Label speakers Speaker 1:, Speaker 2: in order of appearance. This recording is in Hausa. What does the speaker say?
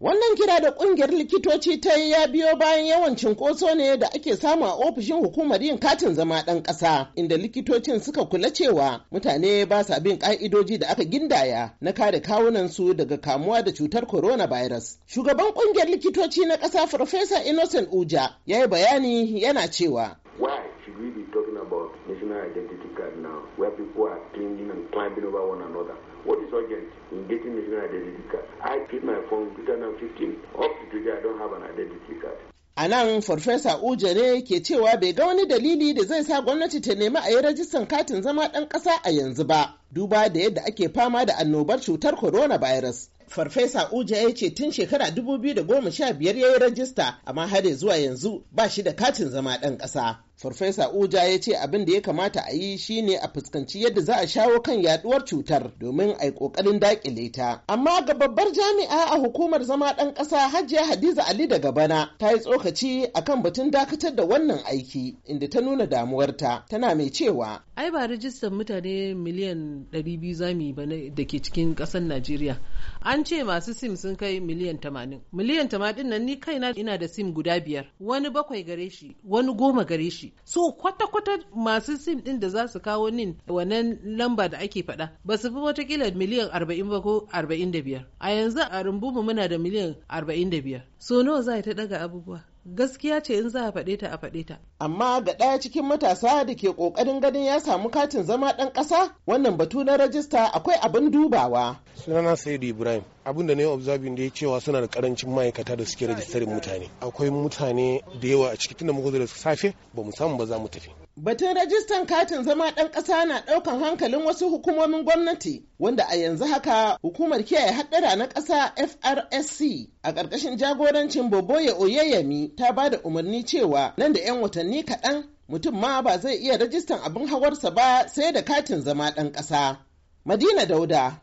Speaker 1: Wannan kira da kungiyar likitoci ta yi ya biyo bayan yawan cinkoso ne da ake samu a ofishin hukumar yin katin zama ɗan ƙasa, inda likitocin suka kula cewa mutane ba sa bin ƙa'idoji da aka gindaya na kare kawunansu daga kamuwa da cutar coronavirus. Shugaban kungiyar likitoci na ƙasa Farfesa Innocent Uja ya yi bayani yana cewa.
Speaker 2: national identity card now, where people are clinging and climbing over one another. What is urgent in getting national identity card? I keep my phone 2015. Up to today, I don't have an identity card.
Speaker 1: A nan Farfesa Ujere ke cewa bai ga wani dalili da zai sa gwamnati ta nemi a yi rajistan katin zama ɗan ƙasa a yanzu ba, duba da yadda ake fama da annobar cutar coronavirus. Farfesa Uja ya ce tun shekara 2015 ya yi rajista amma har zuwa yanzu ba shi da katin zama ɗan ƙasa. Farfesa Uja ya ce abin da ya kamata a yi shine a fuskanci yadda za a shawo kan yaduwar cutar domin a yi kokarin dakile ta. Amma ga babbar jami'a a hukumar zama ɗan ƙasa Hajiya Hadiza Ali daga bana ta yi tsokaci a kan batun dakatar da wannan aiki inda ta nuna damuwarta tana mai cewa.
Speaker 3: Ai ba rijistar mutane miliyan 200 za mu yi da ke cikin ƙasar Najeriya. an ce masu sim sun kai miliyan tamanin miliyan tamanin nan ni kaina ina da sim guda biyar wani bakwai gare shi wani goma gare shi so kwata-kwata masu sim din da za su kawo nin wannan lamba da ake faɗa ba su fi watakila miliyan arba'in ba ko arba'in da biyar a yanzu a rumbunmu muna da miliyan arba'in da biyar so nawa za ta daga abubuwa gaskiya ce in za a faɗe ta a faɗe ta.
Speaker 1: Amma ga ɗaya cikin matasa da ke ƙoƙarin ganin ya samu katin zama ɗan ƙasa wannan batu na rajista akwai abin dubawa.
Speaker 2: sunana da ibrahim abinda na yi observing da ya cewa suna da karancin ma'aikata da suke rajistarin mutane akwai mutane da yawa a cikin tunda muka zo da safe ba mu samu ba za mu tafi
Speaker 1: batun rajistan katin zama ɗan ƙasa na ɗaukan hankalin wasu hukumomin gwamnati wanda a yanzu haka hukumar kiyaye haɗara na ƙasa frsc a ƙarƙashin jagorancin boboye oyeyemi ta ba da umarni cewa nan da 'yan watanni kaɗan mutum ma ba zai iya rajistan abin hawarsa ba sai da katin zama ɗan ƙasa madina dauda